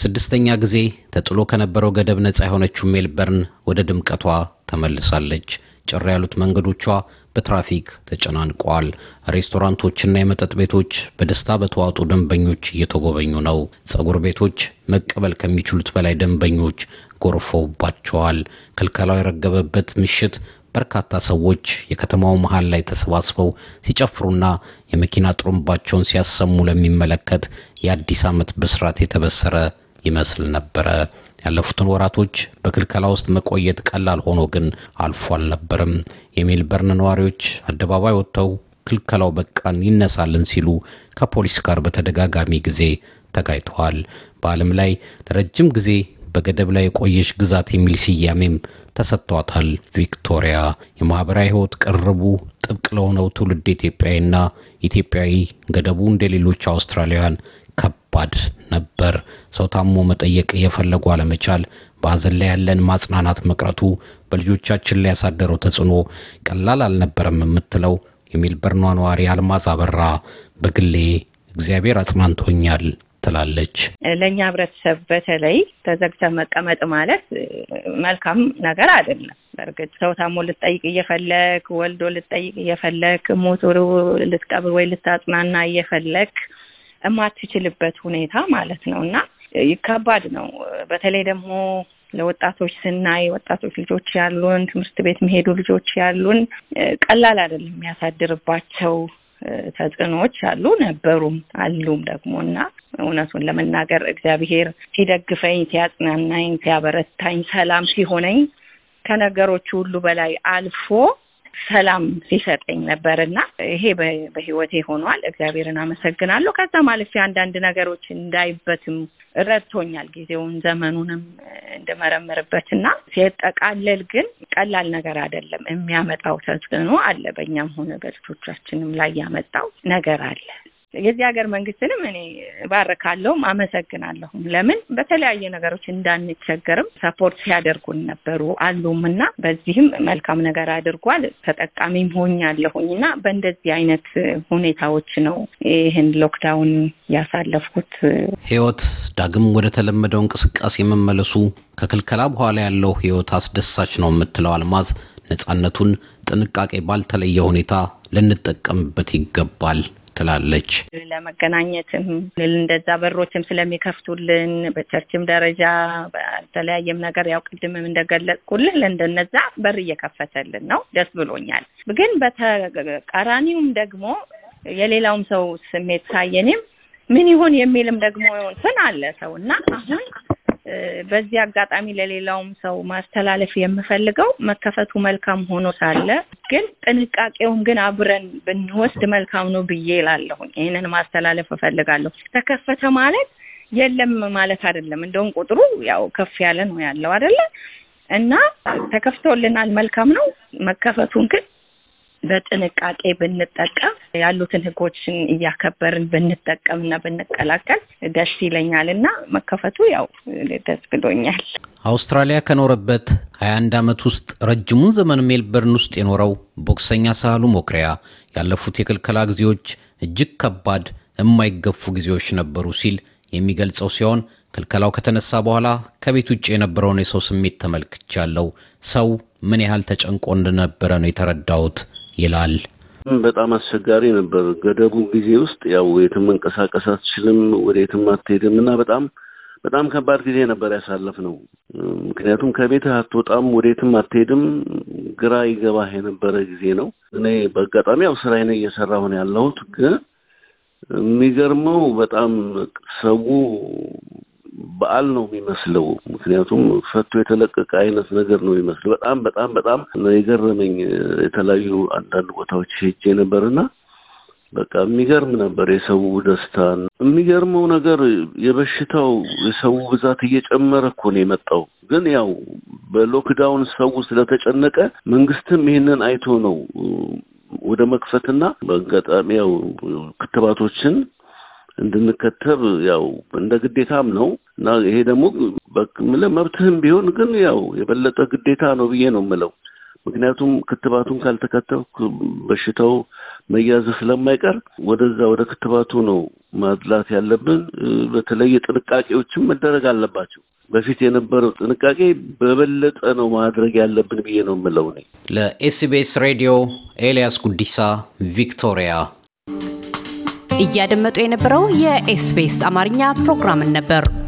ለስድስተኛ ጊዜ ተጥሎ ከነበረው ገደብ ነፃ የሆነችው ሜልበርን ወደ ድምቀቷ ተመልሳለች። ጭር ያሉት መንገዶቿ በትራፊክ ተጨናንቋል። ሬስቶራንቶችና የመጠጥ ቤቶች በደስታ በተዋጡ ደንበኞች እየተጎበኙ ነው። ጸጉር ቤቶች መቀበል ከሚችሉት በላይ ደንበኞች ጎርፈውባቸዋል። ክልከላው የረገበበት ምሽት በርካታ ሰዎች የከተማው መሃል ላይ ተሰባስበው ሲጨፍሩና የመኪና ጥሩምባቸውን ሲያሰሙ ለሚመለከት የአዲስ ዓመት ብስራት የተበሰረ ይመስል ነበረ። ያለፉትን ወራቶች በክልከላ ውስጥ መቆየት ቀላል ሆኖ ግን አልፎ አልነበርም። የሜልበርን ነዋሪዎች አደባባይ ወጥተው ክልከላው በቃን ይነሳልን ሲሉ ከፖሊስ ጋር በተደጋጋሚ ጊዜ ተጋይተዋል። በዓለም ላይ ለረጅም ጊዜ በገደብ ላይ የቆየች ግዛት የሚል ስያሜም ተሰጥቷታል። ቪክቶሪያ የማኅበራዊ ሕይወት ቅርቡ ጥብቅ ለሆነው ትውልድ ኢትዮጵያዊና ኢትዮጵያዊ ገደቡ እንደሌሎች አውስትራሊያውያን ከብ ከባድ ነበር። ሰው ታሞ መጠየቅ የፈለጉ አለመቻል፣ በሀዘን ላይ ያለን ማጽናናት መቅረቱ በልጆቻችን ላይ ያሳደረው ተጽዕኖ ቀላል አልነበረም የምትለው የሜልበርኗ ነዋሪ አልማዝ አበራ በግሌ እግዚአብሔር አጽናንቶኛል ትላለች። ለእኛ ህብረተሰብ በተለይ ተዘግተ መቀመጥ ማለት መልካም ነገር አይደለም። በእርግጥ ሰው ታሞ ልትጠይቅ እየፈለግ፣ ወልዶ ልትጠይቅ እየፈለግ፣ ሞቶ ልትቀብር ወይ ልታጽናና እየፈለግ የማትችልበት ሁኔታ ማለት ነው እና ከባድ ነው። በተለይ ደግሞ ለወጣቶች ስናይ ወጣቶች ልጆች ያሉን ትምህርት ቤት የሚሄዱ ልጆች ያሉን ቀላል አይደለም የሚያሳድርባቸው ተጽዕኖዎች አሉ ነበሩም አሉም ደግሞ እና እውነቱን ለመናገር እግዚአብሔር ሲደግፈኝ፣ ሲያጽናናኝ፣ ሲያበረታኝ፣ ሰላም ሲሆነኝ ከነገሮች ሁሉ በላይ አልፎ ሰላም ሲሰጠኝ ነበር እና ይሄ በህይወቴ ሆኗል። እግዚአብሔርን አመሰግናለሁ። ከዛ ማለፊ አንዳንድ ነገሮች እንዳይበትም ረድቶኛል። ጊዜውን ዘመኑንም እንድመረምርበት እና ሲጠቃለል ግን ቀላል ነገር አይደለም። የሚያመጣው ተጽዕኖ አለ፣ በእኛም ሆነ በልጆቻችንም ላይ ያመጣው ነገር አለ የዚህ ሀገር መንግስትንም እኔ ባረካለሁም አመሰግናለሁም። ለምን በተለያየ ነገሮች እንዳንቸገርም ሰፖርት ሲያደርጉን ነበሩ አሉም እና በዚህም መልካም ነገር አድርጓል። ተጠቃሚም ሆኛለሁኝ እና በእንደዚህ አይነት ሁኔታዎች ነው ይህን ሎክዳውን ያሳለፍኩት። ህይወት ዳግም ወደ ተለመደው እንቅስቃሴ መመለሱ ከክልከላ በኋላ ያለው ህይወት አስደሳች ነው የምትለው አልማዝ ነጻነቱን ጥንቃቄ ባልተለየ ሁኔታ ልንጠቀምበት ይገባል ትላለች። ለመገናኘትም እንደዛ በሮችም ስለሚከፍቱልን በቸርችም ደረጃ በተለያየም ነገር ያው ቅድምም እንደገለጽኩልን እንደነዛ በር እየከፈተልን ነው። ደስ ብሎኛል። ግን በተቃራኒውም ደግሞ የሌላውም ሰው ስሜት ሳየኔም ምን ይሆን የሚልም ደግሞ እንትን አለ ሰው እና አሁን በዚህ አጋጣሚ ለሌላውም ሰው ማስተላለፍ የምፈልገው መከፈቱ መልካም ሆኖ ሳለ ግን ጥንቃቄውን ግን አብረን ብንወስድ መልካም ነው ብዬ እላለሁኝ። ይህንን ማስተላለፍ እፈልጋለሁ። ተከፈተ ማለት የለም ማለት አይደለም። እንደውም ቁጥሩ ያው ከፍ ያለ ነው ያለው አይደለ እና ተከፍቶልናል፣ መልካም ነው። መከፈቱን ግን በጥንቃቄ ብንጠቀም ያሉትን ህጎችን እያከበርን ብንጠቀም እና ብንቀላቀል ደስ ይለኛል እና መከፈቱ ያው ደስ ብሎኛል። አውስትራሊያ ከኖረበት 21 ዓመት ውስጥ ረጅሙን ዘመን ሜልበርን ውስጥ የኖረው ቦክሰኛ ሳህሉ ሞክሪያ ያለፉት የክልከላ ጊዜዎች እጅግ ከባድ የማይገፉ ጊዜዎች ነበሩ ሲል የሚገልጸው ሲሆን ክልከላው ከተነሳ በኋላ ከቤት ውጭ የነበረውን የሰው ስሜት ተመልክቻለሁ። ሰው ምን ያህል ተጨንቆ እንደነበረ ነው የተረዳሁት ይላል። በጣም አስቸጋሪ ነበር። ገደቡ ጊዜ ውስጥ ያው የትም መንቀሳቀስ አትችልም፣ ወደ የትም አትሄድም እና በጣም በጣም ከባድ ጊዜ ነበር ያሳለፍ ነው። ምክንያቱም ከቤትህ አትወጣም፣ ወደ የትም አትሄድም፣ ግራ ይገባህ የነበረ ጊዜ ነው። እኔ በአጋጣሚ ያው ስራዬን እየሰራሁ ነው ያለሁት። ግን የሚገርመው በጣም ሰው በዓል ነው የሚመስለው። ምክንያቱም ፈቶ የተለቀቀ አይነት ነገር ነው የሚመስለው። በጣም በጣም በጣም የገረመኝ የተለያዩ አንዳንድ ቦታዎች ሄጄ ነበርና በቃ የሚገርም ነበር የሰው ደስታ። የሚገርመው ነገር የበሽታው የሰው ብዛት እየጨመረ እኮ ነው የመጣው። ግን ያው በሎክዳውን ሰው ስለተጨነቀ መንግስትም ይህንን አይቶ ነው ወደ መክፈትና በአጋጣሚ ያው ክትባቶችን እንድንከተብ ያው እንደ ግዴታም ነው እና ይሄ ደግሞ ምለው መብትህም ቢሆን ግን ያው የበለጠ ግዴታ ነው ብዬ ነው ምለው። ምክንያቱም ክትባቱን ካልተከተብክ በሽታው መያዝ ስለማይቀር ወደዛ ወደ ክትባቱ ነው ማድላት ያለብን። በተለይ ጥንቃቄዎችም መደረግ አለባቸው። በፊት የነበረው ጥንቃቄ በበለጠ ነው ማድረግ ያለብን ብዬ ነው የምለው። እኔ ለኤስቢኤስ ሬዲዮ ኤልያስ ጉዲሳ ቪክቶሪያ። እያደመጡ የነበረው የኤስቢኤስ አማርኛ ፕሮግራምን ነበር።